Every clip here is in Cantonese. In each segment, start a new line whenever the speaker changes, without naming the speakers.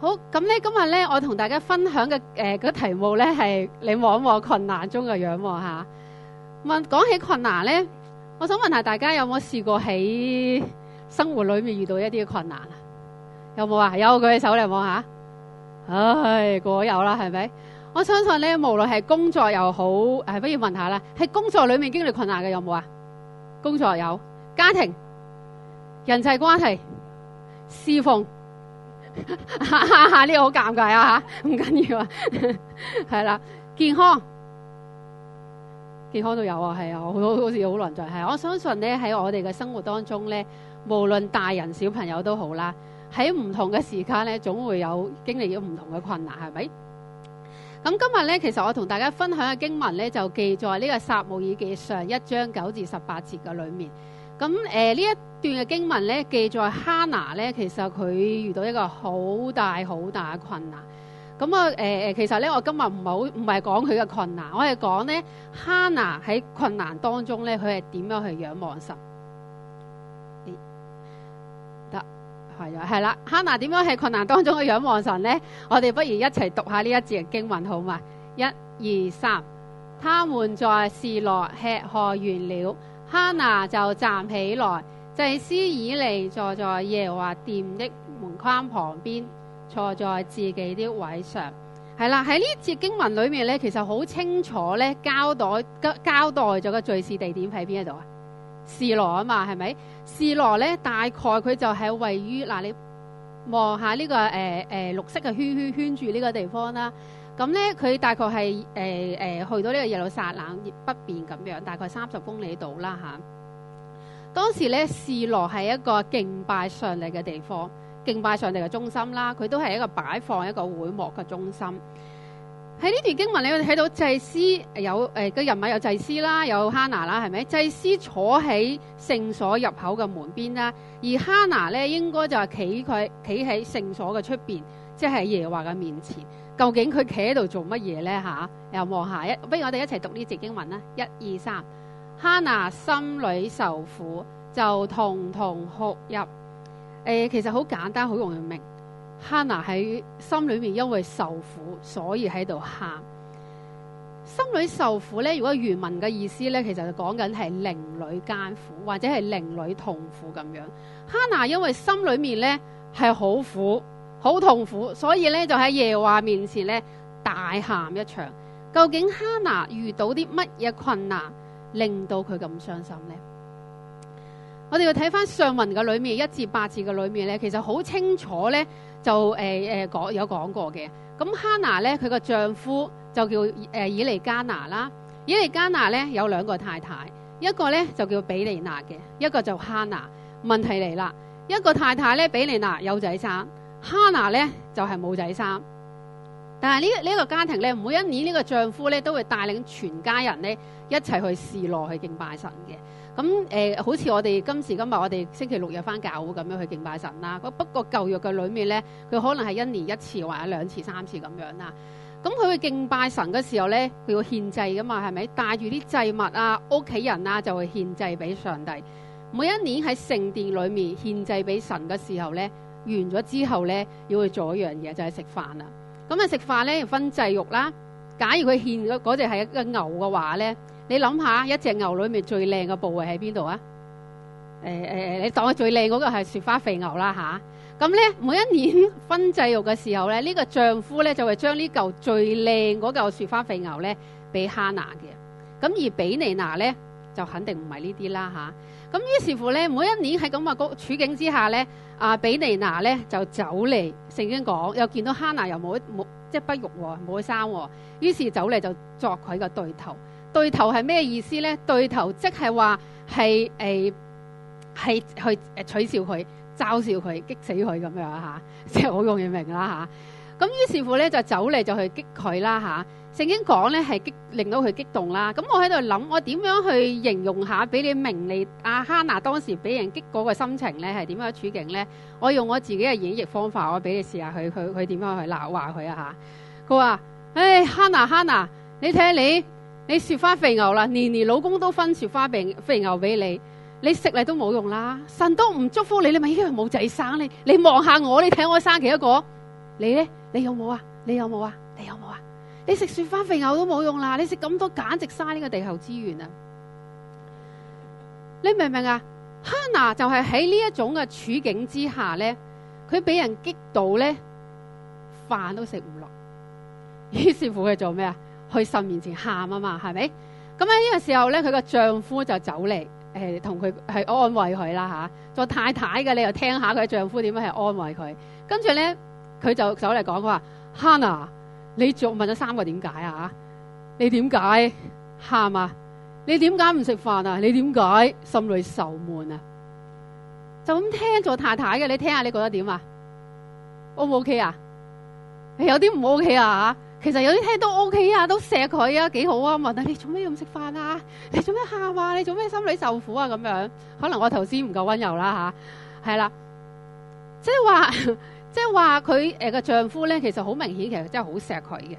好咁咧，那今日咧，我同大家分享嘅誒、呃嗰個題目咧係你望一望困難中嘅仰望嚇。問講起困難咧，我想問下大家有冇試過喺生活裏面遇到一啲困難啊？有冇啊？有，舉起手嚟望下。唉，果有啦，係咪？我相信咧，無論係工作又好，誒、哎，不如問下啦，喺工作裏面經歷困難嘅有冇啊？工作有，家庭、人際關係、侍奉。吓吓吓！呢 個好尷尬啊吓，唔緊要緊啊，係 啦，健康，健康都有啊，係啊，好多好似好難再係。我相信呢，喺我哋嘅生活當中呢，無論大人小朋友都好啦，喺唔同嘅時間呢，總會有經歷咗唔同嘅困難，係咪？咁今日呢，其實我同大家分享嘅經文呢，就記在呢、這個撒母耳記上一章九至十八節嘅裏面。咁誒呢一段嘅經文咧，記載哈拿咧，其實佢遇到一個好大好大嘅困難。咁啊誒，其實咧，我今日唔好唔係講佢嘅困難，我係講呢，哈拿喺困難當中咧，佢係點樣去仰望神？欸、得係啊，係啦，哈拿點樣喺困難當中去仰望神咧？我哋不如一齊讀一下呢一節嘅經文好嘛？一、二、三，他們在示羅吃喝完了。哈拿就站起來，祭司以利坐在耶和華殿的門框旁邊，坐在自己的位上。係啦，喺呢節經文裏面咧，其實好清楚咧，交代了個交代咗個敘事地點喺邊一度啊？示羅啊嘛，係咪？示羅咧，大概佢就係位於嗱，你望下呢個誒誒、呃呃、綠色嘅圈圈圈住呢個地方啦。咁咧，佢大概係、呃呃、去到呢個耶路撒冷北邊咁樣，大概三十公里度啦嚇。當時咧，示羅係一個敬拜上帝嘅地方，敬拜上帝嘅中心啦。佢都係一個擺放一個會幕嘅中心。喺呢段經文裏面，你會睇到祭司有個、呃、人物有祭司啦，有哈拿啦，係咪？祭司坐喺聖所入口嘅門邊啦，而哈拿咧應該就係企佢企喺聖所嘅出邊，即係喺耶和華嘅面前。究竟佢企喺度做乜嘢呢？吓、啊，又望下一，不如我哋一齊讀呢節經文啦。一、二、三，Hannah 哈娜心裏受苦，就痛痛哭泣。誒、欸，其實好簡單，好容易明。Hannah 哈娜喺心裏面因為受苦，所以喺度喊。心裏受苦呢，如果原文嘅意思呢，其實講緊係靈女艱苦，或者係靈女痛苦咁樣。哈娜因為心裏面呢，係好苦。好痛苦，所以咧就喺耶華面前咧大喊一場。究竟哈拿遇到啲乜嘢困難，令到佢咁傷心呢？我哋要睇翻上文嘅裏面一至八字嘅裏面咧，其實好清楚咧就、呃、講有講過嘅。咁哈拿咧佢個丈夫就叫以利加拿啦，以利加拿咧有兩個太太，一個咧就叫毗尼拿嘅，一個就哈拿。問題嚟啦，一個太太咧毗尼拿有仔生，哈拿咧就係冇仔三，但係呢呢個家庭咧，每一年呢個丈夫咧都會帶領全家人咧一齊去示羅去敬拜神嘅。咁、呃、好似我哋今時今日我哋星期六日返教會咁樣去敬拜神啦。不過舊約嘅裏面咧，佢可能係一年一次或者兩次、三次咁樣啦。咁佢去敬拜神嘅時候咧，佢要獻祭噶嘛，係咪帶住啲祭物啊、屋企人啊，就會獻祭俾上帝？每一年喺聖殿裏面獻祭俾神嘅時候咧。完咗之後呢，要去做一樣嘢，就係食飯啦。咁啊食飯呢，分祭肉啦。假如佢獻嗰隻係一個牛嘅話呢，你諗下一隻牛裏面最靚嘅部位喺邊度啊？誒、欸、誒、欸、你當佢最靚嗰個係雪花肥牛啦吓。咁、啊、呢、嗯，每一年分祭肉嘅時候呢，呢、這個丈夫呢，就會將呢嚿最靚嗰嚿雪花肥牛呢，俾哈娜嘅。咁而比尼娜呢。就肯定唔係呢啲啦嚇，咁、啊、於是乎咧，每一年喺咁嘅處境之下咧，阿、啊、比尼拿咧就走嚟，聖經講又見到哈拿又冇冇即係不育喎、哦，冇生喎，於是走嚟就作佢嘅對頭。對頭係咩意思咧？對頭即係話係誒係去誒取笑佢、嘲笑佢、激死佢咁樣嚇，即係好容易明啦嚇。啊咁於是乎咧就走嚟就去激佢啦嚇，聖經講咧係激令到佢激動啦。咁我喺度諗，我點樣去形容下俾你明？你阿哈娜當時俾人激嗰個心情咧係點樣處境咧？我用我自己嘅演繹方法，我俾你試下佢佢佢點樣去鬧話佢啊嚇。佢話：唉，哈娜哈娜，你睇下你你雪花肥牛啦，年年老公都分雪花肥肥牛俾你，你食嚟都冇用啦。神都唔祝福你，你咪因為冇仔生咧。你望下我，你睇我生幾多個？你咧？你有冇啊？你有冇啊？你有冇啊？你食雪花肥牛都冇用啦！你食咁多簡直嘥呢個地球資源啊！你明唔明啊？h a n 哈拿就係喺呢一種嘅處境之下咧，佢俾人激到咧，飯都食唔落。於是乎佢做咩啊？去神面前喊啊嘛，係咪？咁喺呢個時候咧，佢個丈夫就走嚟，誒同佢係安慰佢啦嚇。做、啊、太太嘅你又聽下佢丈夫點樣去安慰佢，跟住咧。佢就走嚟講話，Hannah，你仲問咗三個點解啊？你點解喊啊？你點解唔食飯啊？你點解心裏愁悶啊？ 就咁聽做太太嘅，你聽下，你覺得點啊？O 唔 O K 啊？Okay? 有啲唔 O K 啊？其實有啲聽都 O、okay、K 啊，都錫佢啊，幾好啊？問你做咩唔食飯啊？你做咩喊啊？你做咩心裏受苦啊？咁樣，可能我頭先唔夠温柔啦吓，係、啊、啦，即係話。就是 即係話佢誒個丈夫呢，其實好明顯，其實真係好錫佢嘅。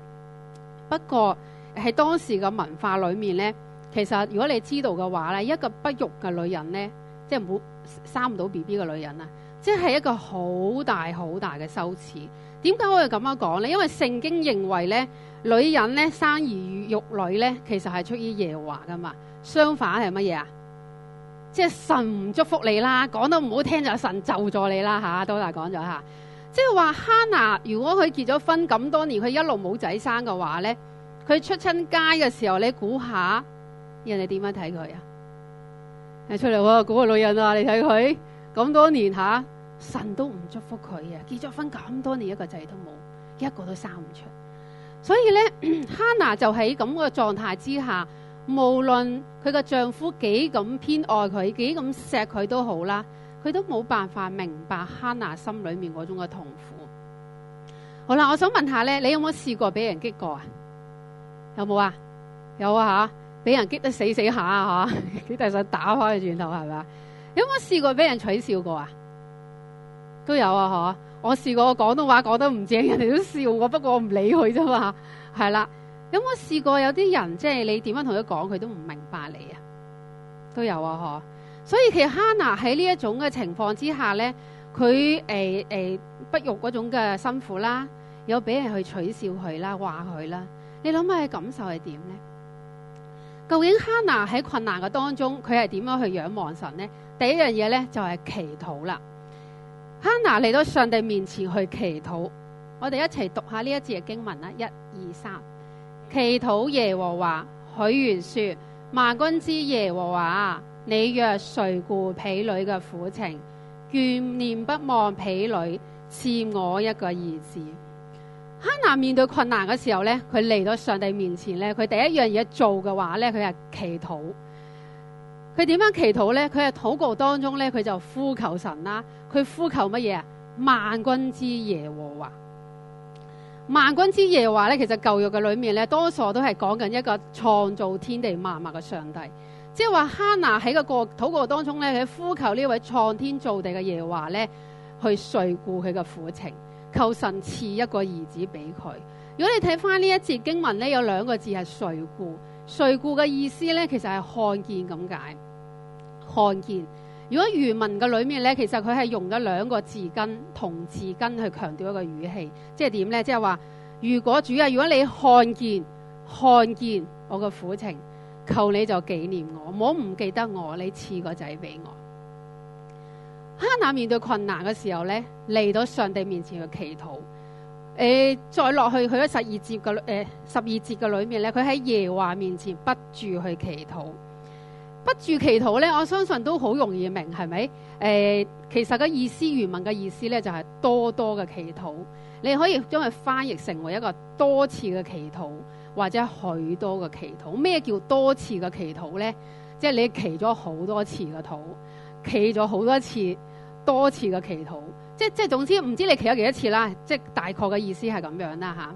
不過喺當時嘅文化裏面呢，其實如果你知道嘅話呢，一個不育嘅女人呢，即係唔好生唔到 B B 嘅女人啊，即係一個好大好大嘅羞恥。點解我係咁樣講呢？因為聖經認為呢，女人呢，生兒育女呢，其實係出於耶華噶嘛。相反係乜嘢啊？即係神唔祝福你啦，講得唔好聽就係、神咒咗你啦嚇。多大講咗嚇？即係話哈娜，如果佢結咗婚咁多年，佢一路冇仔生嘅話呢，佢出親街嘅時候，你估下人哋點樣睇佢啊？睇出嚟喎，嗰個女人啊，你睇佢咁多年嚇，神都唔祝福佢啊！結咗婚咁多年，一個仔都冇，一個都生唔出。所以呢，哈娜就喺咁嘅狀態之下，無論佢嘅丈夫幾咁偏愛佢，幾咁錫佢都好啦。佢都冇辦法明白哈娜心裏面嗰種嘅痛苦。好啦，我想問下咧，你有冇試過俾人激過啊？有冇啊？有啊嚇！俾人激得死死下啊嚇！激到想打開轉頭係咪啊？有冇試過俾人取笑過啊？都有啊嚇！我試過廣東話講得唔正，人哋都笑我，不過我唔理佢啫嘛。係啦，有冇試過有啲人即係你點樣同佢講，佢都唔明白你啊？都有啊嚇。所以其實哈娜喺呢一種嘅情況之下呢，佢誒誒不育嗰種嘅辛苦啦，有俾人去取笑佢啦，話佢啦。你諗下佢感受係點呢？究竟 h a n 哈娜喺困難嘅當中，佢係點樣去仰望神呢？第一樣嘢呢，就係、是、祈禱啦。哈娜嚟到上帝面前去祈禱，我哋一齊讀一下呢一節嘅經文啦。一二三，祈禱耶和華，許願說，萬軍之耶和華。你若垂顧婢女嘅苦情，眷念不忘婢女，賜我一個兒子。哈拿面對困難嘅時候咧，佢嚟到上帝面前咧，佢第一樣嘢做嘅話咧，佢係祈禱。佢點樣祈禱咧？佢係禱告當中咧，佢就呼求神啦。佢呼求乜嘢啊？萬軍之耶和華。萬軍之耶和華咧，其實舊約嘅裏面咧，多數都係講緊一個創造天地萬物嘅上帝。即係話哈娜喺個過禱告當中咧，佢呼求呢位創天造地嘅耶華咧，去垂顧佢嘅苦情，求神賜一個兒子俾佢。如果你睇翻呢一節經文咧，有兩個字係垂顧，垂顧嘅意思咧，其實係看見咁解，看見。如果原文嘅裏面咧，其實佢係用咗兩個字根同字根去強調一個語氣，即係點咧？即係話，如果主啊，如果你看見，看見我嘅苦情。求你就紀念我，唔好唔記得我，你賜個仔俾我。哈拿面對困難嘅時候呢，嚟到上帝面前去祈禱。誒、呃，再落去去咗十二節嘅誒、呃，十二節嘅裏面咧，佢喺耶華面前不住去祈禱。不住祈禱呢，我相信都好容易明白，係咪？誒、呃，其實個意思原文嘅意思呢，就係多多嘅祈禱。你可以將佢翻譯成為一個多次嘅祈禱。或者許多嘅祈禱，咩叫多次嘅祈禱咧？即係你祈咗好多次嘅禱，祈咗好多次，多次嘅祈禱。即即係總之，唔知你祈咗幾多次啦。即係大概嘅意思係咁樣啦嚇。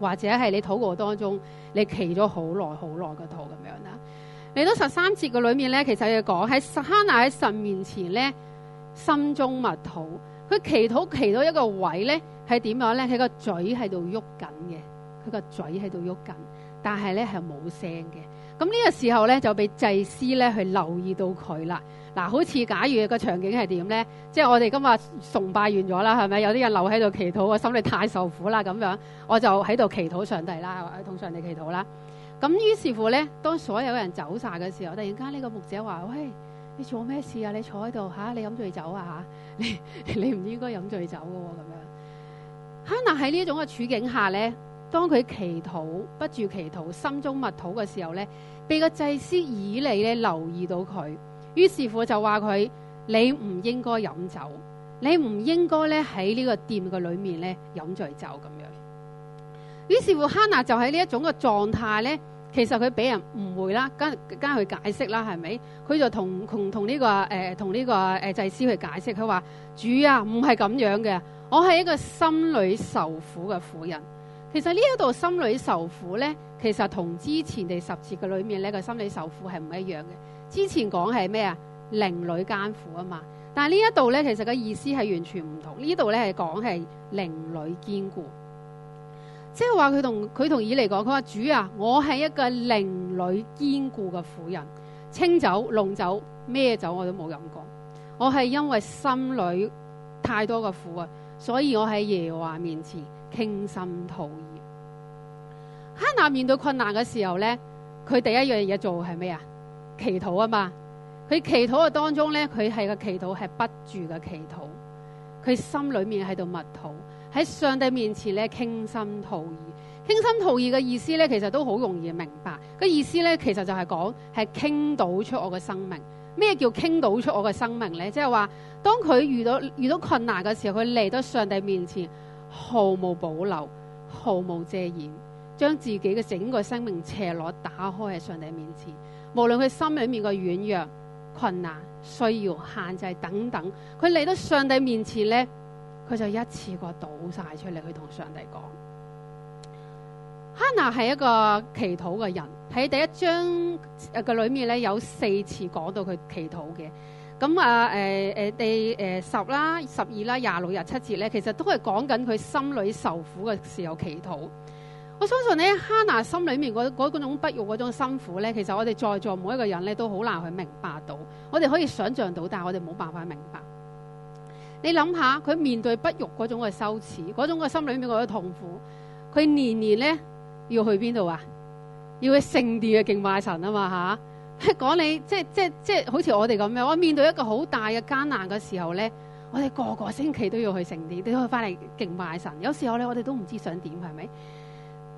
或者係你禱告當中，你祈咗好耐好耐嘅禱咁樣啦。嚟到十三節嘅裏面咧，其實佢講喺哈拿喺神面前咧，心中默禱。佢祈禱祈到一個位咧，係點樣咧？佢個嘴喺度喐緊嘅。佢個嘴喺度喐緊，但係咧係冇聲嘅。咁呢個時候咧，就俾祭司咧去留意到佢啦。嗱、啊，好似假如個場景係點咧，即係我哋今日崇拜完咗啦，係咪有啲人留喺度祈禱？我心裏太受苦啦，咁樣我就喺度祈禱上帝啦，同上帝祈禱啦。咁於是乎咧，當所有人走晒嘅時候，突然間呢個牧者話：喂，你做咩事啊？你坐喺度嚇，你飲醉酒啊嚇？你你唔應該飲醉酒嘅喎，咁樣。可能喺呢種嘅處境下咧。當佢祈禱不住，祈禱心中默禱嘅時候呢，被個祭司以利留意到佢，於是乎就話佢：你唔應該飲酒，你唔應該咧喺呢個店嘅裏面呢飲醉酒咁樣。於是乎，哈娜就喺呢一種嘅狀態呢，其實佢俾人誤會啦，跟跟佢解釋啦，係咪？佢就同同呢個誒，同、呃、呢、呢個誒、呃呢個呃、祭司去解釋，佢話主啊，唔係咁樣嘅，我係一個心裏受苦嘅婦人。其實呢一度心裏愁苦呢，其實同之前第十節嘅裏面呢個心裡愁苦係唔一樣嘅。之前講係咩啊？靈裡艱苦啊嘛。但係呢一度呢，其實個意思係完全唔同。呢度呢，係講係靈裡艱苦，即係話佢同佢同以利講，佢話主啊，我係一個靈裡艱苦嘅婦人，清酒、濃酒咩酒我都冇飲過。我係因為心裏太多嘅苦啊，所以我喺耶和華面前。傾心吐意，哈拿面對困難嘅時候呢，佢第一樣嘢做係咩啊？祈禱啊嘛。佢祈禱嘅當中呢，佢係個祈禱係不住嘅祈禱，佢心裏面喺度默禱，喺上帝面前呢，傾心吐意。傾心吐意嘅意思呢，其實都好容易明白。個意思呢，其實就係講係傾倒出我嘅生命。咩叫傾倒出我嘅生命呢？即係話，當佢遇到遇到困難嘅時候，佢嚟到上帝面前。毫無保留、毫無遮掩，將自己嘅整個生命赤裸打開喺上帝面前。無論佢心裏面嘅軟弱、困難、需要、限制等等，佢嚟到上帝面前呢，佢就一次過倒晒出嚟去同上帝講。哈拿係一個祈禱嘅人，喺第一章嘅裏面呢，有四次講到佢祈禱嘅。咁啊，誒誒第誒十啦，十二啦，廿六日七節咧，其實都係講緊佢心裏受苦嘅時候祈禱。我相信呢，哈拿心裏面嗰種不育嗰種辛苦咧，其實我哋在座每一個人呢都好難去明白到。我哋可以想像到，但係我哋冇辦法明白。你諗下，佢面對不育嗰種嘅羞恥，嗰種嘅心裏面嗰種痛苦，佢年年咧要去邊度啊？要去聖地嘅敬拜神啊嘛嚇！啊講你即係即係即係，好似我哋咁樣。我面對一個好大嘅艱難嘅時候咧，我哋個個星期都要去聖殿，都要翻嚟敬拜神。有時候咧，我哋都唔知想點，係咪？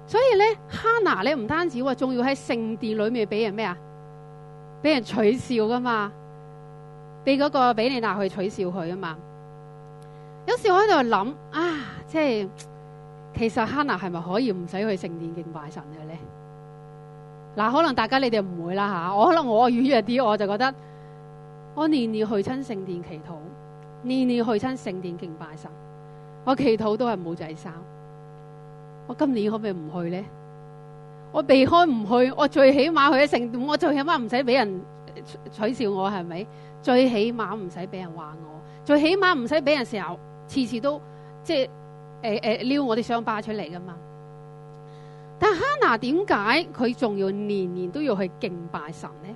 所以咧，哈拿咧唔單止話，仲要喺聖殿裏面俾人咩啊？俾人取笑噶嘛？俾嗰個毗尼拿去取笑佢啊嘛？有時我喺度諗啊，即係其實哈拿係咪可以唔使去聖殿敬拜神嘅咧？嗱、啊，可能大家你哋唔會啦嚇、啊，我可能我軟弱啲，我就覺得我年年去親聖殿祈禱，年年去親聖殿敬拜神，我祈禱都係冇仔生，我今年可唔可以唔去咧？我避開唔去，我最起碼去咗聖殿，我最起碼唔使俾人取笑我係咪？最起碼唔使俾人話我，最起碼唔使俾人成日次次都即係誒誒撩我啲傷疤出嚟噶嘛？但哈拿點解佢仲要年年都要去敬拜神呢？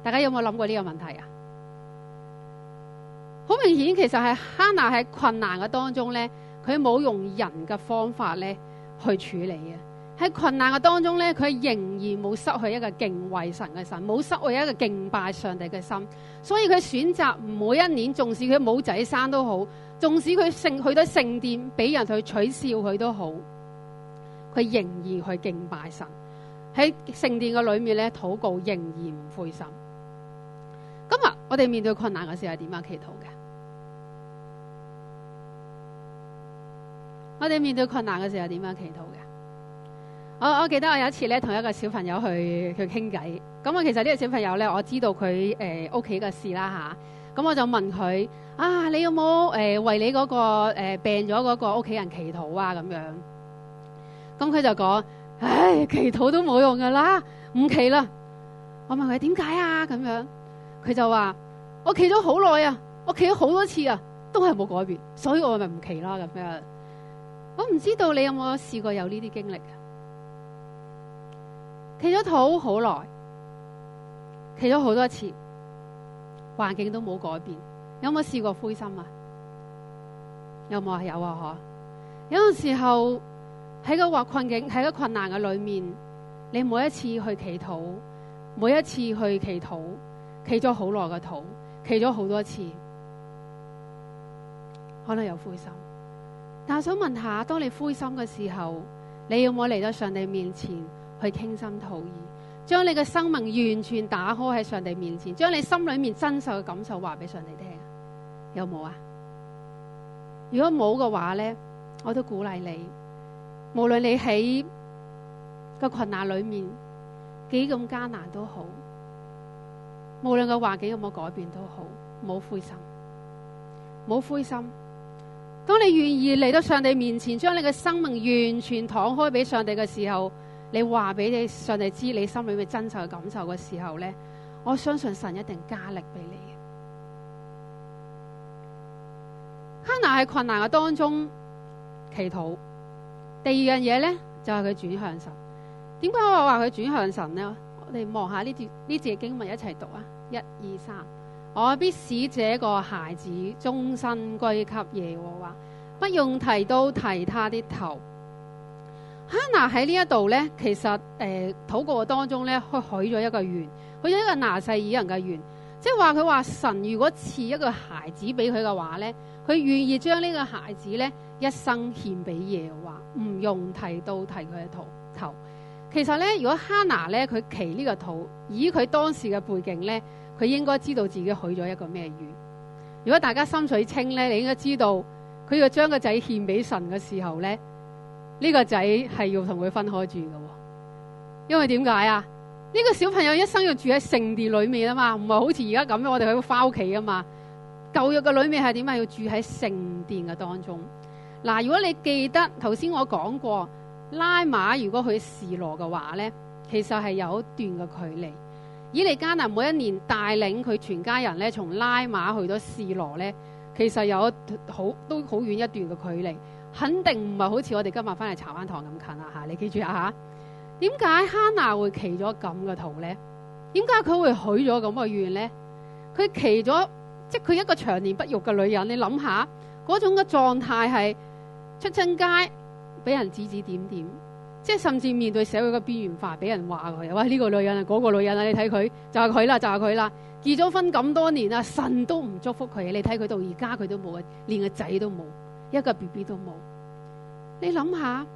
大家有冇諗過呢個問題啊？好明顯，其實係哈拿喺困難嘅當中呢，佢冇用人嘅方法呢去處理嘅。喺困難嘅當中呢，佢仍然冇失去一個敬畏神嘅神，冇失去一個敬拜上帝嘅心。所以佢選擇每一年，縱使佢冇仔生都好，縱使佢聖去到聖殿俾人去取笑佢都好。佢仍然去敬拜神，喺聖殿嘅裏面咧，禱告仍然唔灰心。今日我哋面對困難嘅時候點樣祈禱嘅？我哋面對困難嘅時候點樣祈禱嘅？我我記得我有一次咧，同一個小朋友去去傾偈。咁我其實呢個小朋友咧，我知道佢誒屋企嘅事啦吓，咁、啊、我就問佢：啊，你有冇誒、呃、為你嗰、嗰個、呃、病咗嗰個屋企人祈禱啊？咁樣。咁佢就講：唉、哎，祈禱都冇用噶啦，唔祈啦。我問佢點解啊？咁樣，佢就話：我祈咗好耐啊，我祈咗好多次啊，都係冇改變，所以我咪唔祈啦。咁樣，我唔知道你有冇試過有呢啲經歷？祈咗禱好耐，祈咗好多次，環境都冇改變，有冇試過灰心啊？有冇啊？有啊！呵，有陣時候。喺個困境喺個困難嘅裏面，你每一次去祈禱，每一次去祈禱，祈咗好耐嘅禱，祈咗好多次，可能有灰心。但係，我想問下，當你灰心嘅時候，你有冇嚟到上帝面前去傾心吐意，將你嘅生命完全打開喺上帝面前，將你心裏面真實嘅感受話俾上帝聽？有冇啊？如果冇嘅話咧，我都鼓勵你。無論你喺個困難裏面幾咁艱難都好，無論個環境有冇改變都好，冇灰心，冇灰心。當你願意嚟到上帝面前，將你嘅生命完全敞開俾上帝嘅時候，你話俾你上帝知你心裏嘅真實嘅感受嘅時候咧，我相信神一定加力俾你。哈拿喺困難嘅當中祈禱。第二樣嘢呢，就係佢轉向神。點解我話佢轉向神呢？我哋望下呢段呢節經文一齊讀啊！一、二、三，我必使這個孩子終身歸給耶和華，不用剃頭刀剃他啲頭。哈拿喺呢一度呢，其實誒禱告當中呢，佢許咗一個願，許咗一個拿細耳人嘅願，即係話佢話神如果賜一個孩子俾佢嘅話呢，佢願意將呢個孩子呢。一生獻俾耶和華，唔用剃刀剃佢嘅頭頭。其實咧，如果哈拿咧，佢騎呢個肚，以佢當時嘅背景咧，佢應該知道自己許咗一個咩願。如果大家心水清咧，你應該知道，佢要將個仔獻俾神嘅時候咧，呢個仔係要同佢分開住嘅。因為點解啊？呢個小朋友一生要住喺聖殿裏面啊嘛，唔係好似而家咁樣，我哋可以翻屋企啊嘛。舊約嘅裏面係點啊？要住喺聖殿嘅當中。嗱，如果你記得頭先我講過，拉馬如果去示羅嘅話呢，其實係有一段嘅距離。以利加拿每一年帶領佢全家人咧，從拉馬去到示羅呢，其實有好都好遠一段嘅距離，肯定唔係好似我哋今日返嚟柴灣堂咁近啦嚇。你記住嚇，點解哈拿會祈咗咁嘅禱呢？點解佢會許咗咁嘅願呢？佢祈咗，即係佢一個長年不育嘅女人，你諗下嗰種嘅狀態係。出親街俾人指指點點，即係甚至面對社會嘅邊緣化，俾人話佢，喂，呢個女人啊，嗰個女人啊，你睇佢就係佢啦，就係佢啦。結咗婚咁多年啦，神都唔祝福佢。你睇佢到而家，佢都冇啊，連個仔都冇，一個 B B 都冇。你諗下，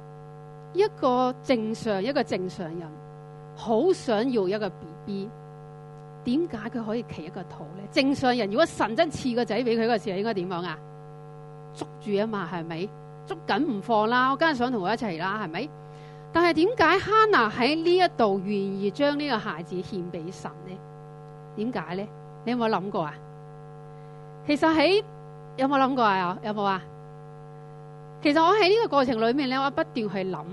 一個正常一個正常人，好想要一個 B B，點解佢可以企一個圖咧？正常人如果神真賜個仔俾佢嗰時，應該點樣啊？捉住啊嘛，係咪？捉緊唔放啦，我梗係想同佢一齊啦，係咪？但係點解哈娜喺呢一度願意將呢個孩子獻俾神呢？點解呢？你有冇諗過啊？其實喺有冇諗過啊？有冇啊？其實我喺呢個過程裏面呢，我不斷去諗，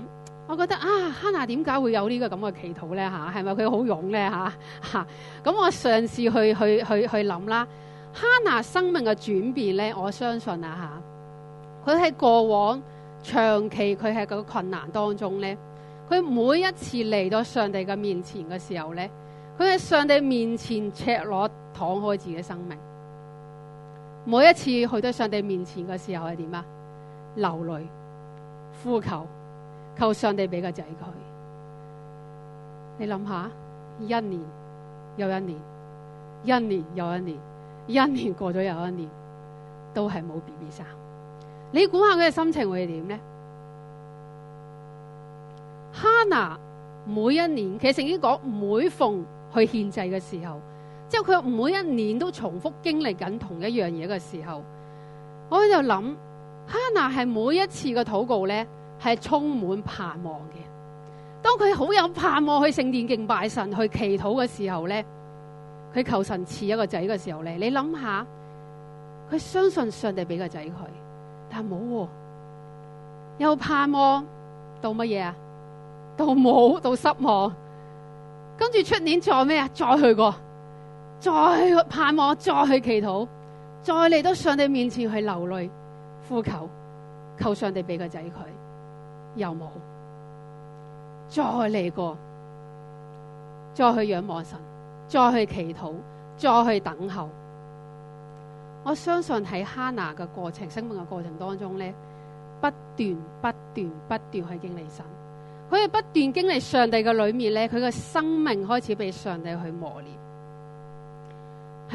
我覺得啊，哈娜點解會有呢個咁嘅祈禱呢？吓，係咪佢好勇呢？吓、啊，吓，咁我嘗試去去去去諗啦。哈娜生命嘅轉變呢，我相信啊，吓。佢喺過往長期，佢喺個困難當中咧。佢每一次嚟到上帝嘅面前嘅時候咧，佢喺上帝面前赤裸躺開自己嘅生命。每一次去到上帝面前嘅時候係點啊？流淚呼求，求上帝俾個仔佢。你諗下，一年又一年，一年又一年，
一年
過咗又一年，都係冇 BB 生。你估下佢嘅心情會係點咧？哈娜每一年，其實聖經講每逢去獻祭嘅時候，即係佢每一年都重複經歷緊同一樣嘢嘅時候，我喺度諗，哈娜係每一次嘅禱告咧，係充滿盼望嘅。當佢好有盼望去聖殿敬拜神，去祈禱嘅時候咧，佢求神賜一個仔嘅時候咧，你諗下，佢相信上帝俾個仔佢。但冇又盼望到乜嘢啊？到冇到，到失望，跟住出年再咩啊？再去過，再去盼望，再去祈禱，再嚟到上帝面前去流淚呼求，求上帝俾個仔佢又冇，再嚟過，再去仰望神，再去祈禱，再去等候。我相信喺哈拿嘅過程、生命嘅過程當中呢，不斷、不斷、不斷去經歷神，佢係不斷經歷上帝嘅裏面呢，佢嘅生命開始被上帝去磨練。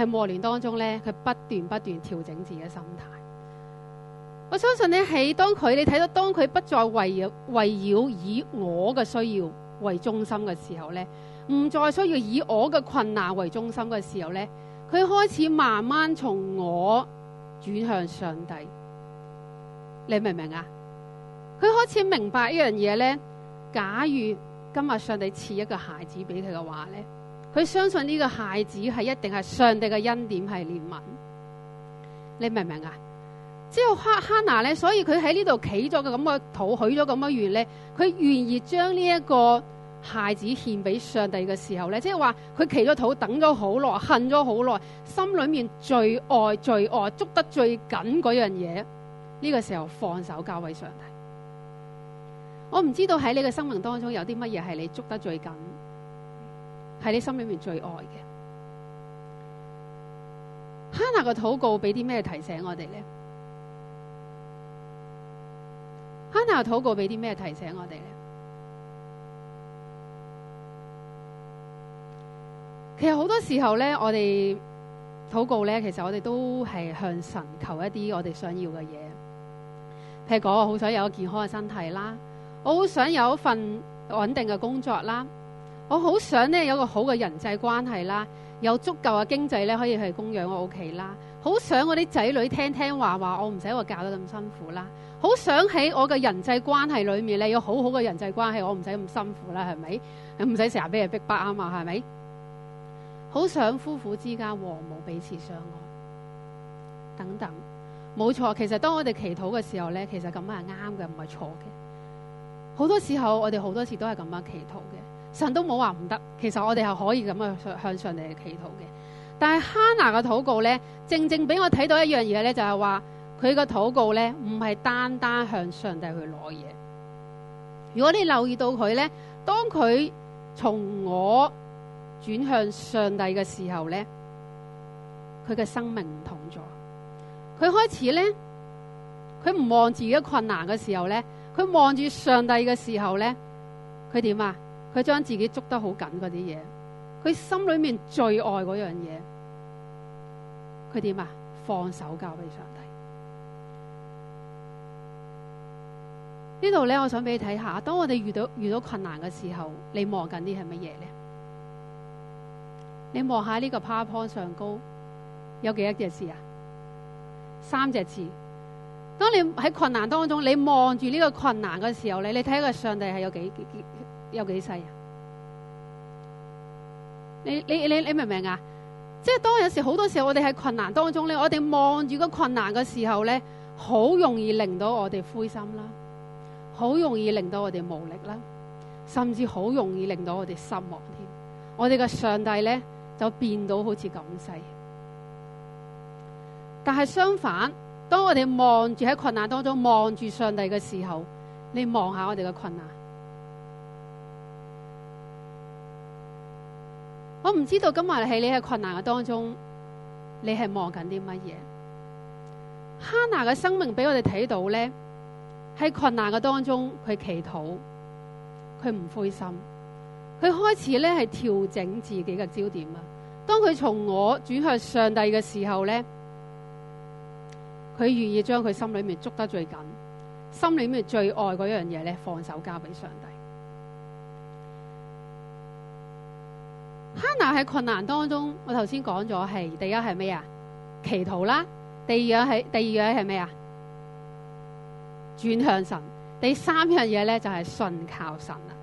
喺磨練當中呢，佢不斷不斷調整自己嘅心態。我相信呢，喺當佢你睇到當佢不再圍繞圍繞以我嘅需要為中心嘅時候呢，唔再需要以我嘅困難為中心嘅時候呢。佢開始慢慢從我轉向上帝，你明唔明啊？佢開始明白一樣嘢咧，假如今日上帝賜一個孩子俾佢嘅話咧，佢相信呢個孩子係一定係上帝嘅恩典，係憐憫，你明唔明啊？之後哈哈娜咧，所以佢喺呢度企咗嘅咁嘅討許咗咁多願咧，佢願意將呢一個。孩子獻俾上帝嘅時候咧，即係話佢祈咗禱等咗好耐，恨咗好耐，心裏面最愛最愛捉得最緊嗰樣嘢，呢個時候放手交俾上帝。我唔知道喺你嘅生命當中有啲乜嘢係你捉得最緊，喺你心裏面最愛嘅。哈拿嘅禱告俾啲咩提醒我哋咧？哈拿嘅禱告俾啲咩提醒我哋咧？其實好多時候咧，我哋禱告咧，其實我哋都係向神求一啲我哋想要嘅嘢。譬如講，我好想有個健康嘅身體啦，我好想有一份穩定嘅工作啦，我好想咧有個好嘅人際關係啦，有足夠嘅經濟咧可以去供養我屋企啦。好想我啲仔女聽聽話話，我唔使我教得咁辛苦啦。好想喺我嘅人際關係裏面咧，有好好嘅人際關係，我唔使咁辛苦啦，係咪？唔使成日俾人逼迫啊嘛，係咪？好想夫婦之間和睦，彼此相愛等等，冇錯。其實當我哋祈禱嘅時候呢，其實咁樣係啱嘅，唔係錯嘅。好多時候我哋好多次都係咁樣祈禱嘅，神都冇話唔得。其實我哋係可以咁樣向上帝祈禱嘅。但係哈娜嘅禱告呢，正正俾我睇到一樣嘢呢，就係話佢嘅禱告呢唔係單單向上帝去攞嘢。如果你留意到佢呢，當佢從我轉向上帝嘅時候呢，佢嘅生命唔同咗。佢開始呢，佢唔望自己困難嘅時候呢，佢望住上帝嘅時候呢，佢點啊？佢將自己捉得好緊嗰啲嘢，佢心裏面最愛嗰樣嘢，佢點啊？放手交俾上帝。呢度呢，我想俾你睇下，當我哋遇到遇到困難嘅時候，你望緊啲係乜嘢呢？你望下呢個 PowerPoint 上高，有幾多隻字啊？三隻字。當你喺困難當中，你望住呢個困難嘅時候咧，你睇下個上帝係有幾有幾細啊？你你你你明唔明啊？即係當有時好多時候，我哋喺困難當中咧，我哋望住個困難嘅時候咧，好容易令到我哋灰心啦，好容易令到我哋無力啦，甚至好容易令到我哋失望添。我哋嘅上帝咧，就變到好似咁細，但係相反，當我哋望住喺困難當中望住上帝嘅時候，你望下我哋嘅困難。我唔知道今日喺你喺困難嘅當中，你係望緊啲乜嘢？哈拿嘅生命俾我哋睇到咧，喺困難嘅當中佢祈禱，佢唔灰心。佢開始咧係調整自己嘅焦點啊！當佢從我轉向上帝嘅時候咧，佢願意將佢心裏面捉得最緊、心裏面最愛嗰樣嘢咧，放手交俾上帝。哈娜喺困難當中，我頭先講咗係第一係咩啊？祈禱啦。第二樣係第二樣係咩啊？轉向神。第三樣嘢咧就係信靠神啊！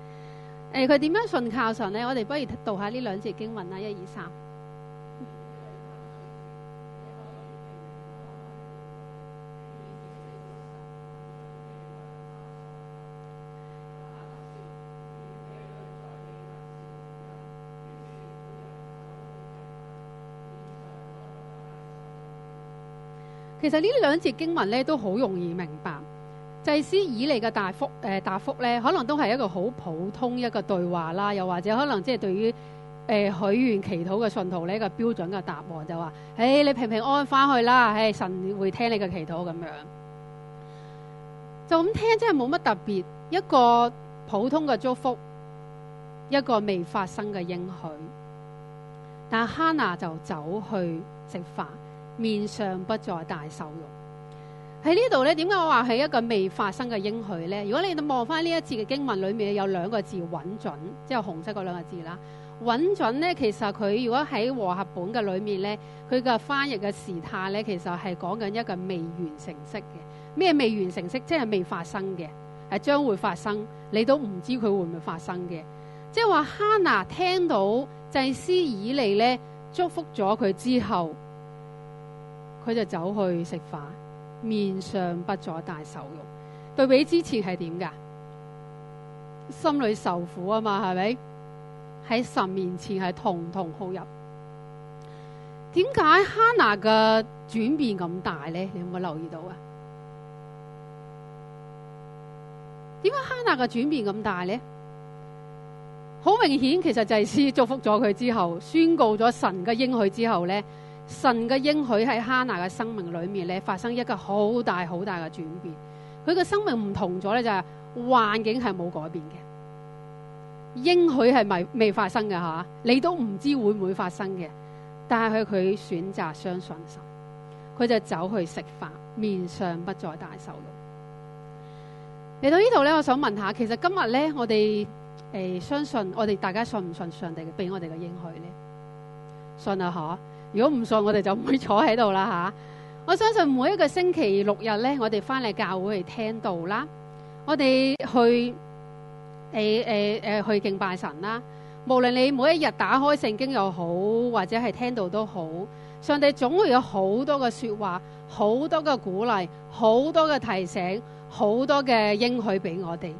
誒佢點樣信靠神咧？我哋不如讀下呢兩節經文啦，一二三。其實呢兩節經文咧都好容易明白。祭司以利嘅答覆，誒、呃、答覆咧，可能都係一個好普通一個對話啦，又或者可能即係對於誒許願祈禱嘅信徒咧個標準嘅答案就，就話：誒你平平安安翻去啦，誒神會聽你嘅祈禱咁樣。就咁聽，真係冇乜特別，一個普通嘅祝福，一個未發生嘅應許。但哈拿就走去食飯，面上不再帶愁容。喺呢度咧，點解我話係一個未發生嘅應許咧？如果你望翻呢一次嘅經文裏面，有兩個字穩準，即係紅色嗰兩個字啦。穩準咧，其實佢如果喺和合本嘅裏面咧，佢嘅翻譯嘅時態咧，其實係講緊一個未完成式嘅咩？未完成式即係未發生嘅，係將會發生，你都唔知佢會唔會發生嘅。即係話 HANNA 聽到祭司以利咧祝福咗佢之後，佢就走去食飯。面上不再帶愁容。對比之前係點噶？心裏受苦啊嘛，係咪？喺神面前係痛痛哭泣。點解哈娜嘅轉變咁大咧？你有冇留意到啊？點解哈娜嘅轉變咁大咧？好明顯，其實就係祭司祝福咗佢之後，宣告咗神嘅應許之後咧，神嘅應許喺哈娜嘅生命裏面咧，發生一個好大好大嘅轉變。佢嘅生命唔同咗咧，就係、是、環境係冇改變嘅，應許係未未發生嘅吓，你都唔知會唔會發生嘅。但係佢選擇相信神，佢就走去食飯，面上不再帶愁容。嚟到呢度咧，我想問下，其實今日咧，我哋誒、呃、相信我哋大家信唔信上帝俾我哋嘅應許咧？信啊，吓！如果唔信，我哋就唔會坐喺度啦吓。我相信每一個星期六日咧，我哋翻嚟教會嚟聽道啦。我哋去誒誒誒去敬拜神啦。無論你每一日打開聖經又好，或者係聽道都好，上帝總會有好多嘅說話，好多嘅鼓勵，好多嘅提醒，好多嘅應許俾我哋。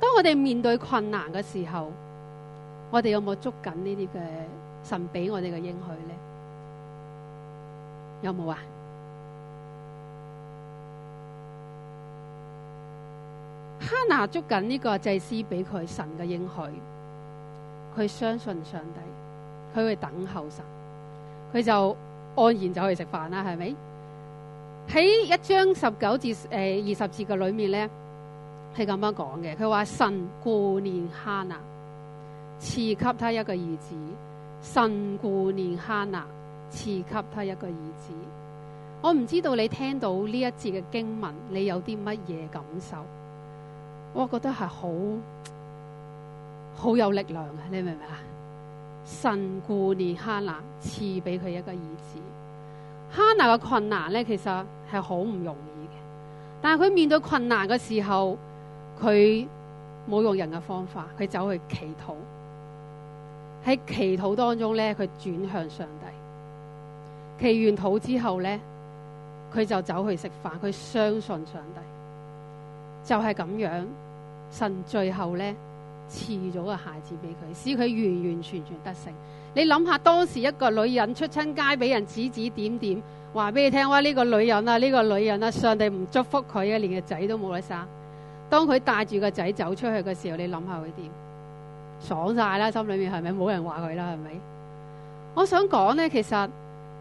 當我哋面對困難嘅時候，我哋有冇捉緊呢啲嘅神俾我哋嘅應許咧？有冇啊？哈拿捉緊呢個祭司俾佢神嘅應許，佢相信上帝，佢會等候神，佢就安然走去食飯啦，係咪？喺一章十九至誒、呃、二十節嘅裏面咧，係咁樣講嘅。佢話神顧念哈拿，賜給他一個兒子。神顧念哈拿。」賜給他一個兒子。我唔知道你聽到呢一節嘅經文，你有啲乜嘢感受？我覺得係好好有力量啊！你明唔明啊？神顧念哈拿，賜俾佢一個兒子。哈拿嘅困難咧，其實係好唔容易嘅，但係佢面對困難嘅時候，佢冇用人嘅方法，佢走去祈禱。喺祈禱當中咧，佢轉向上帝。祈完禱之後呢，佢就走去食飯。佢相信上帝，就係、是、咁樣。神最後呢，賜咗個孩子俾佢，使佢完完全全得勝。你諗下，當時一個女人出親街，俾人指指點點，話俾你聽話呢個女人啊，呢、這個女人啊，上帝唔祝福佢啊，連個仔都冇得生。當佢帶住個仔走出去嘅時候，你諗下佢點爽晒啦！心裡面係咪冇人話佢啦？係咪？我想講呢，其實。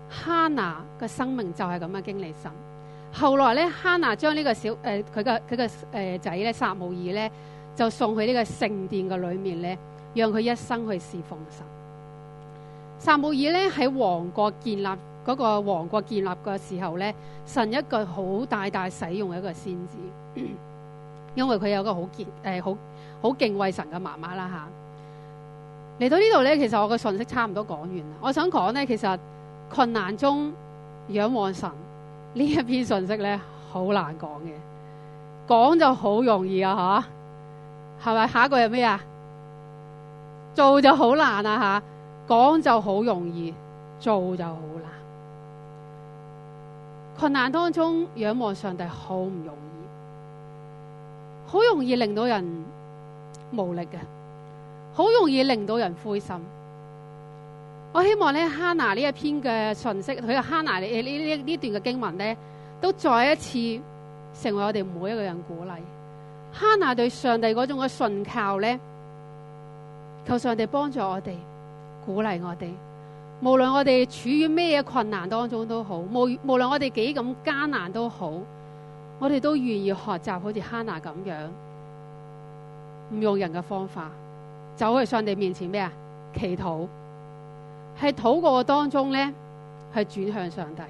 哈娜嘅生命就係咁嘅經歷神。後來咧，哈娜將呢個小誒佢嘅佢嘅誒仔咧，撒母耳咧，就送去呢個聖殿嘅裏面咧，讓佢一生去侍奉神。撒母耳咧喺王國建立嗰個王國建立嘅時候咧，神一個好大大使用嘅一個先知，因為佢有一個好敬誒好好敬畏神嘅媽媽啦吓。嚟到呢度咧，其實我嘅信息差唔多講完啦。我想講咧，其實。困難中仰望神呢一篇信息咧，好難講嘅，講就好容易啊吓，係咪？下一個係咩啊？做就好難啊吓，講就好容易，做就好難。困難當中仰望上帝好唔容易，好容易令到人無力嘅，好容易令到人灰心。我希望咧，哈娜呢一篇嘅信息，佢嘅哈娜呢呢呢段嘅經文咧，都再一次成為我哋每一個人鼓勵。哈娜對上帝嗰種嘅信靠咧，求上帝幫助我哋，鼓勵我哋。無論我哋處於咩困難當中都好，無無論我哋幾咁艱難都好，我哋都願意學習好似哈娜咁樣，唔用人嘅方法，走去上帝面前咩啊？祈禱。喺禱告當中咧，係轉向上帝。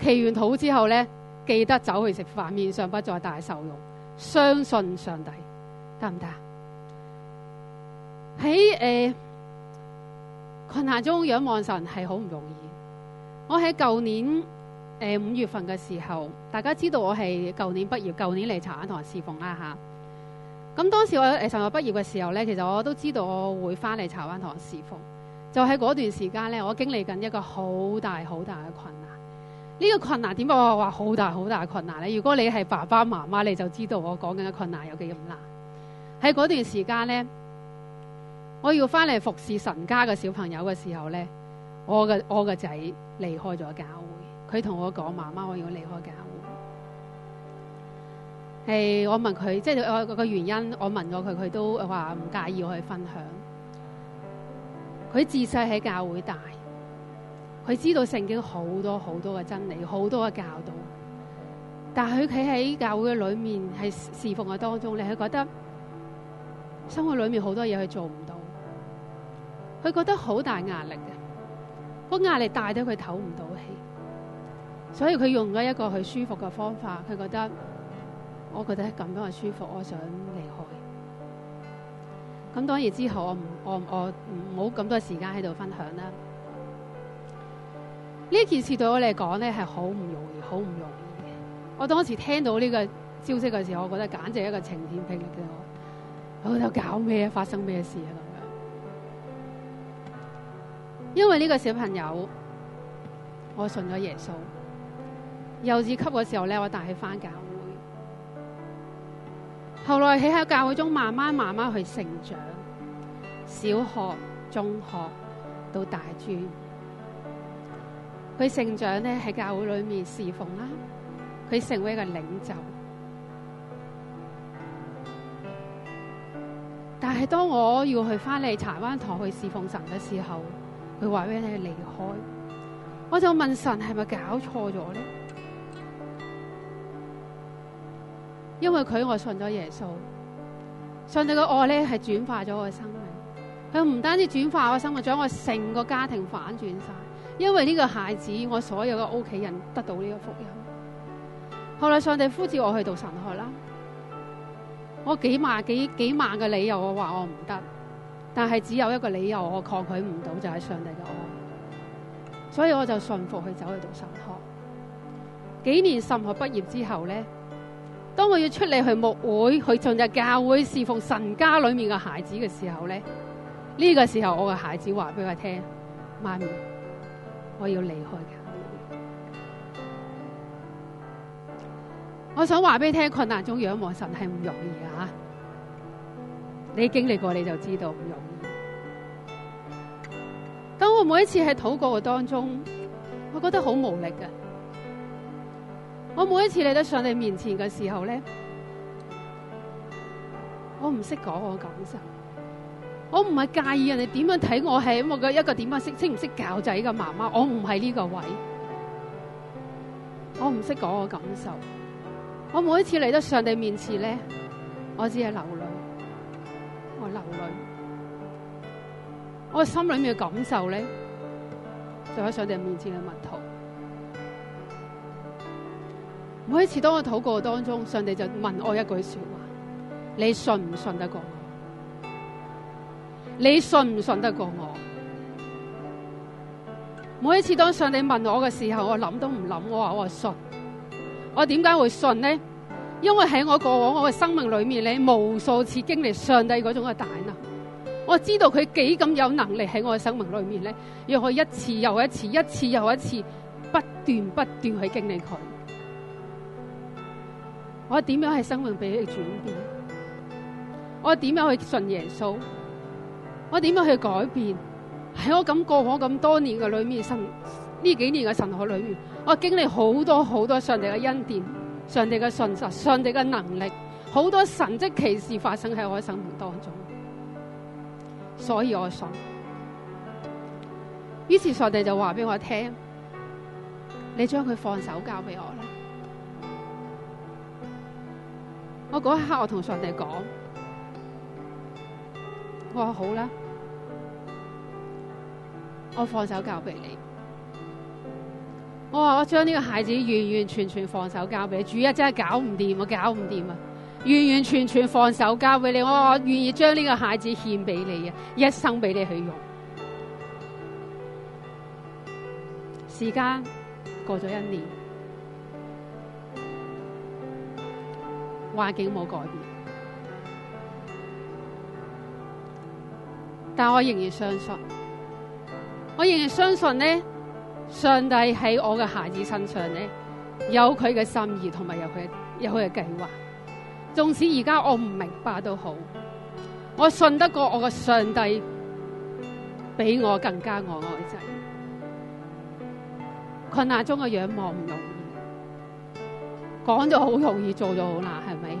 祈完禱之後咧，記得走去食飯，面上不再帶愁容，相信上帝得唔得？喺誒困難中仰望神係好唔容易。我喺舊年誒五、呃、月份嘅時候，大家知道我係舊年畢業，舊年嚟茶灣堂侍奉啦。嚇咁當時我誒神學畢業嘅時候咧，其實我都知道我會翻嚟茶灣堂侍奉。就喺嗰段時間咧，我經歷緊一個好大好大嘅困難。呢、這個困難點解我話好大好大嘅困難咧？如果你係爸爸媽媽，你就知道我講緊嘅困難有幾咁難。喺嗰段時間咧，我要翻嚟服侍神家嘅小朋友嘅時候咧，我嘅我嘅仔離開咗教會。佢同我講：媽媽，我，離我，媽媽我要離開教會。係我問佢，即係我個原因，我問咗佢，佢都話唔介意我去分享。佢自細喺教會大，佢知道聖經好多好多嘅真理，好多嘅教導。但係佢企喺教會嘅裏面，係侍奉嘅當中，你係覺得生活裏面好多嘢，佢做唔到，佢覺得好大壓力嘅，個壓力大到佢唞唔到氣，所以佢用咗一個佢舒服嘅方法，佢覺得，我覺得咁樣係舒服，我想離開。咁當然之後，我唔我我冇咁多時間喺度分享啦。呢件事對我嚟講咧係好唔容易，好唔容易。我當時聽到呢個消息嘅時候，我覺得簡直係一個晴天霹靂嘅我。喺度搞咩？發生咩事啊咁樣？因為呢個小朋友，我信咗耶穌。幼稚級嘅時候咧，我帶佢返教。後來起喺教會中慢慢慢慢去成長，小學、中學到大專，佢成長咧喺教會裏面侍奉啦，佢成為一個領袖。但係當我要去翻嚟柴灣堂去侍奉神嘅時候，佢話俾你聽離開，我就問神係咪搞錯咗咧？因為佢我信咗耶穌，上帝嘅愛咧係轉化咗我嘅生命，佢唔單止轉化我嘅生命，將我成個家庭反轉晒。因為呢個孩子，我所有嘅屋企人得到呢個福音。後來上帝呼召我去讀神學啦，我幾萬幾幾萬嘅理由，我話我唔得，但係只有一個理由我抗拒唔到，就係、是、上帝嘅愛。所以我就信服去走去讀神學。幾年神學畢業之後咧。當我要出嚟去牧會，去進入教會侍奉神家裏面嘅孩子嘅時候咧，呢、呢個時候我嘅孩子話俾我聽：媽咪，我要離開嘅。我想話俾你聽，困難中仰望神係唔容易嘅，你經歷過你就知道唔容易。當我每一次喺禱告嘅當中，我覺得好無力嘅。我每一次嚟到上帝面前嘅時候呢，我唔識講我感受，我唔係介意人哋點樣睇我係我一,一個點樣識，識唔識教仔嘅媽媽，我唔係呢個位，我唔識講我感受。我每一次嚟到上帝面前呢，我只係流淚，我流淚，我心裏面嘅感受呢，就喺上帝面前嘅蜜桃。每一次當我禱告當中，上帝就問我一句說話：你信唔信得過我？你信唔信得過我？每一次當上帝問我嘅時候，我諗都唔諗，我話我信。我點解會信呢？因為喺我過往我嘅生命裏面咧，無數次經歷上帝嗰種嘅大能，我知道佢幾咁有能力喺我嘅生命裏面咧，要去一次又一次、一次又一次不斷不斷去經歷佢。我點樣係生命俾你轉變？我點樣去信耶穌？我點樣去改變？喺我咁過往咁多年嘅裏面，神呢幾年嘅神學裏面，我經歷好多好多上帝嘅恩典、上帝嘅信實、上帝嘅能力，好多神蹟奇事發生喺我生活當中，所以我信。於是上帝就話俾我聽：你將佢放手交俾我啦。我嗰一刻我跟說，我同上帝講，我好啦，我放手交俾你。我話我將呢個孩子完完全全放手交俾你。主啊，真係搞唔掂，我搞唔掂啊！完完全全放手交俾你。我我願意將呢個孩子獻俾你啊，一生俾你去用。時間過咗一年。環境冇改變，但我仍然相信，我仍然相信呢，上帝喺我嘅孩子身上呢，有佢嘅心意同埋有佢有佢嘅計劃。縱使而家我唔明白都好，我信得過我嘅上帝，比我更加愛我仔。困難中嘅仰望，唔到。講咗好容易，做咗好難，係咪？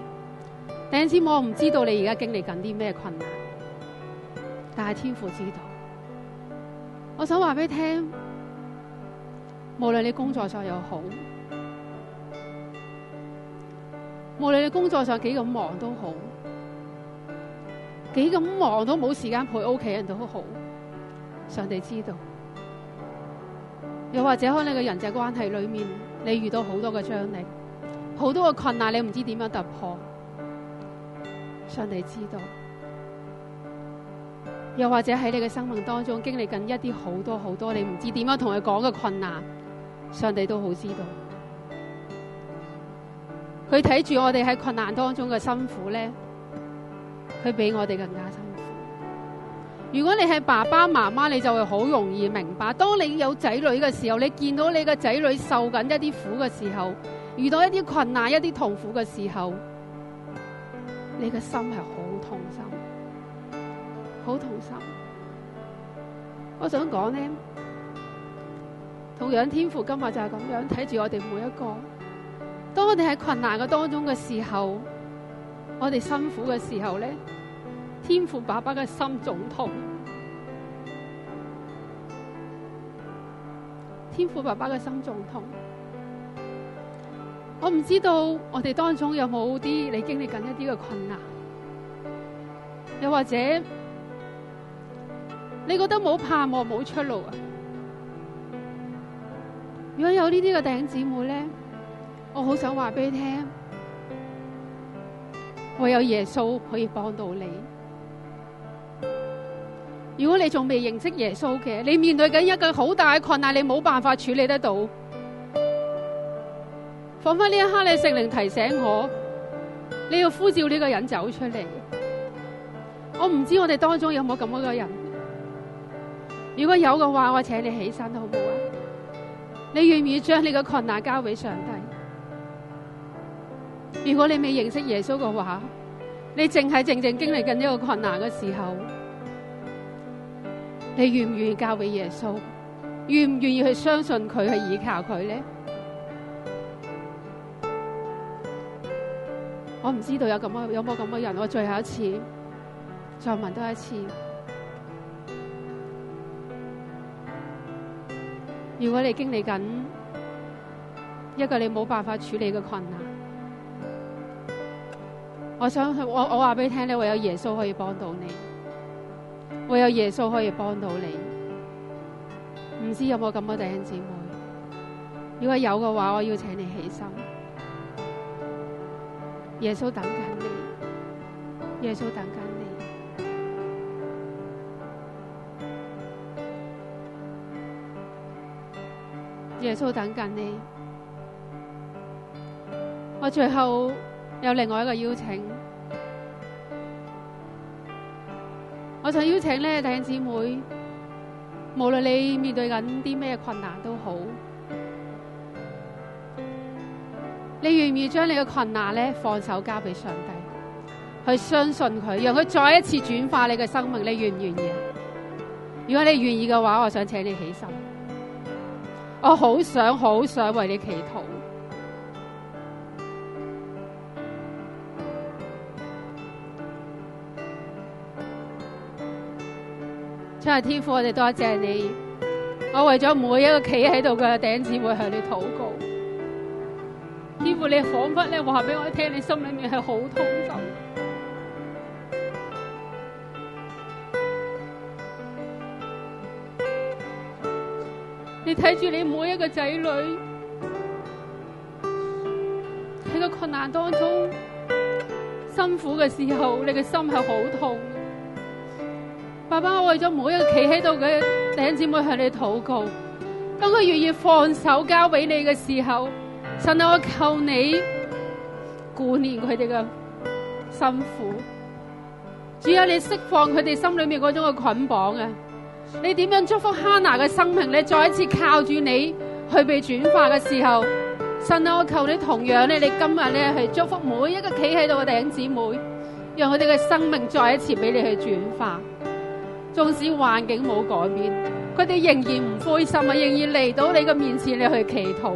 弟先我唔知道你而家經歷緊啲咩困難，但係天父知道。我想話俾你聽，無論你工作上又好，無論你工作上幾咁忙都好，幾咁忙都冇時間陪屋企人都好，上帝知道。又或者喺你嘅人際關係裏面，你遇到好多嘅張力。好多嘅困難，你唔知點樣突破，上帝知道。又或者喺你嘅生命當中經歷緊一啲好多好多，你唔知點樣同佢講嘅困難，上帝都好知道。佢睇住我哋喺困難當中嘅辛苦咧，佢比我哋更加辛苦。如果你係爸爸媽媽，你就會好容易明白。當你有仔女嘅時候，你見到你嘅仔女受緊一啲苦嘅時候，遇到一啲困難、一啲痛苦嘅時候，你嘅心係好痛心，好痛心。我想講呢：同樣天父今日就係咁樣睇住我哋每一個。當我哋喺困難嘅當中嘅時候，我哋辛苦嘅時候咧，天父爸爸嘅心仲痛，天父爸爸嘅心仲痛。我唔知道我哋當中有冇啲你經歷緊一啲嘅困難，又或者你覺得冇盼望、冇出路？如果有呢啲嘅弟兄姊妹呢，我好想話俾你聽，我有耶穌可以幫到你。如果你仲未認識耶穌嘅，你面對緊一個好大嘅困難，你冇辦法處理得到。仿佛這一刻，你聖靈提醒我，你要呼召這個人走出來。我唔知我哋當中有沒冇咁樣個人。如果有的話，我請你起身好唔好啊？你願唔願意將你嘅困難交俾上帝？如果你未認識耶穌的話，你淨係靜靜經歷緊呢個困難的時候，你願唔願意交俾耶穌？願不願意去相信佢，去依靠佢呢？我唔知道有咁嘅有冇咁嘅人，我最後一次再問多一次。如果你經歷緊一個你冇辦法處理嘅困難，我想我我話俾你聽咧，唯有耶穌可以幫到你，唯有耶穌可以幫到你。唔知道有冇咁嘅弟兄姐妹？如果有嘅話，我要請你起身。耶穌等緊你，耶穌等緊你，耶穌等緊你。我最後有另外一個邀請，我想邀請呢啲，弟兄姊妹，無論你面對緊啲咩困難都好。你願意將你嘅困難咧放手交俾上帝，去相信佢，讓佢再一次轉化你嘅生命。你願唔願意？如果你願意嘅話，我想請你起身。我好想好想為你祈禱。今日天父，我哋多謝你。我為咗每一個企喺度嘅弟兄姊妹向你禱告。似乎你仿佛咧話俾我聽，你心裡面係好痛心的。你睇住你每一個仔女喺個困難當中辛苦嘅時候，你嘅心係好痛的。爸爸，我為咗每一個企喺度嘅弟兄姊妹向你禱告，當佢願意放手交俾你嘅時候。神啊，我求你顧念佢哋嘅辛苦，主啊，你釋放佢哋心裏面嗰種嘅捆綁啊！你點樣祝福哈娜嘅生命咧？再一次靠住你去被轉化嘅時候，神啊，我求你同樣咧，你今日咧係祝福每一個企喺度嘅弟兄姊妹，讓佢哋嘅生命再一次俾你去轉化。縱使環境冇改變，佢哋仍然唔灰心啊，仍然嚟到你嘅面前，你去祈禱。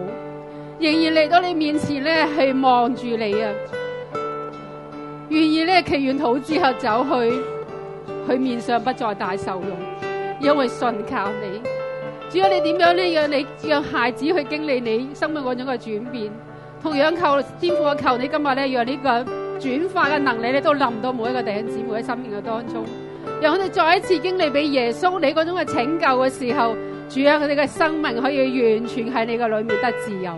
仍然嚟到你面前咧，係望住你啊！願意咧，祈完禱之後走去，佢面上不再帶愁容，因為信靠你。主啊，你點樣呢？讓你讓孩子去經歷你生命嗰種嘅轉變。同樣求天父啊，求你今日咧，讓呢個轉化嘅能力咧，都臨到每一個弟兄姊妹喺生命嘅當中，讓佢哋再一次經歷俾耶穌你嗰種嘅拯救嘅時候，主啊，佢哋嘅生命可以完全喺你嘅裏面得自由，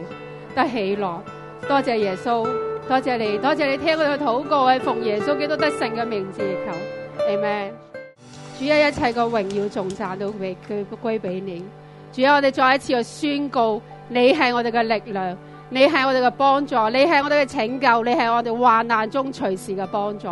得喜樂，多謝耶穌，多謝你，多謝你聽佢嘅禱告，奉耶穌基督得勝嘅名字求，阿門。主啊，一切嘅榮耀、頌讚都歸歸歸俾你。主啊，我哋再一次去宣告，你係我哋嘅力量，你係我哋嘅幫助，你係我哋嘅拯救，你係我哋患難中隨時嘅幫助。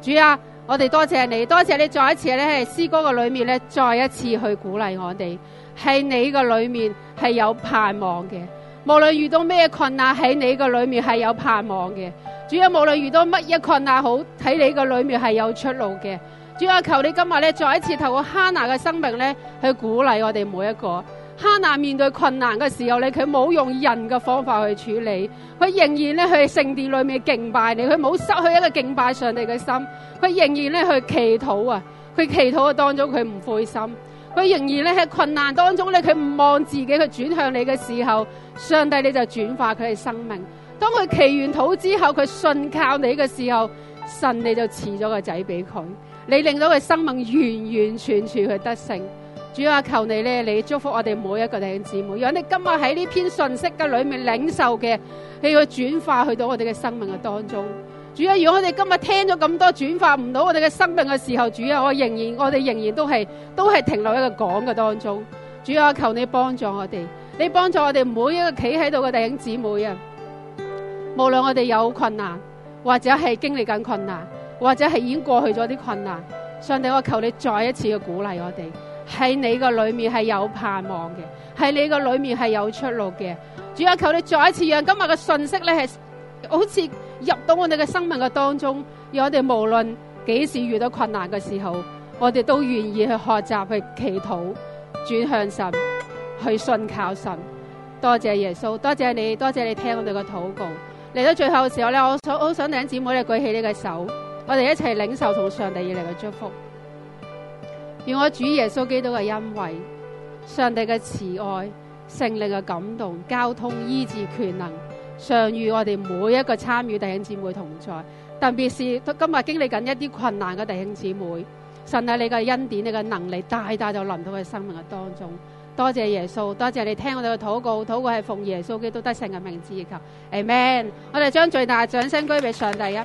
主啊，我哋多謝你，多謝你再一次咧，喺詩歌嘅裏面咧，再一次去鼓勵我哋，係你嘅裏面係有盼望嘅。無論遇到咩困難喺你個裏面係有盼望嘅，主啊，無論遇到乜嘢困難好，喺你個裏面係有出路嘅。主啊，求你今日再一次透過哈拿嘅生命去鼓勵我哋每一個。哈拿面對困難嘅時候咧，佢冇用人嘅方法去處理，佢仍然去聖殿裏面敬拜你，佢冇失去一個敬拜上帝嘅心，佢仍然去祈禱啊，佢祈禱當咗佢唔灰心。佢仍然咧喺困難當中咧，佢唔望自己，去轉向你嘅時候，上帝你就轉化佢嘅生命。當佢祈完禱之後，佢信靠你嘅時候，神你就賜咗個仔俾佢，你令到佢生命完完全全去得勝。主啊，求你咧，你祝福我哋每一個弟兄姊妹，如果你今日喺呢篇信息嘅裏面領受嘅，你要轉化去到我哋嘅生命嘅當中。主啊，如果我哋今日聽咗咁多轉發唔到我哋嘅生命嘅時候，主啊，我仍然我哋仍然都係都係停留喺個講嘅當中。主啊，求你幫助我哋，你幫助我哋每一個企喺度嘅弟兄姊妹啊，無論我哋有困難，或者係經歷緊困難，或者係已經過去咗啲困難，上帝我求你再一次嘅鼓勵我哋，喺你個裏面係有盼望嘅，喺你個裏面係有出路嘅。主啊，求你再一次讓今日嘅信息咧係好似。入到我哋嘅生命嘅當中，要我哋無論幾時遇到困難嘅時候，我哋都願意去學習去祈禱，轉向神，去信靠神。多謝耶穌，多謝你，多謝你聽我哋嘅禱告。嚟到最後嘅時候咧，我想好想請姊妹咧舉起你嘅手，我哋一齊領受同上帝而嚟嘅祝福，願我主耶穌基督嘅恩惠、上帝嘅慈愛、聖靈嘅感動、交通醫治權能。常與我哋每一個參與弟兄姊妹同在，特別是今日經歷緊一啲困難嘅弟兄姊妹，神啊，你嘅恩典、你嘅能力大大就臨到佢生命嘅當中。多謝耶穌，多謝你聽我哋嘅禱告，禱告係奉耶穌基督得勝嘅名字而求。Amen！我哋將最大嘅掌聲歸俾上帝。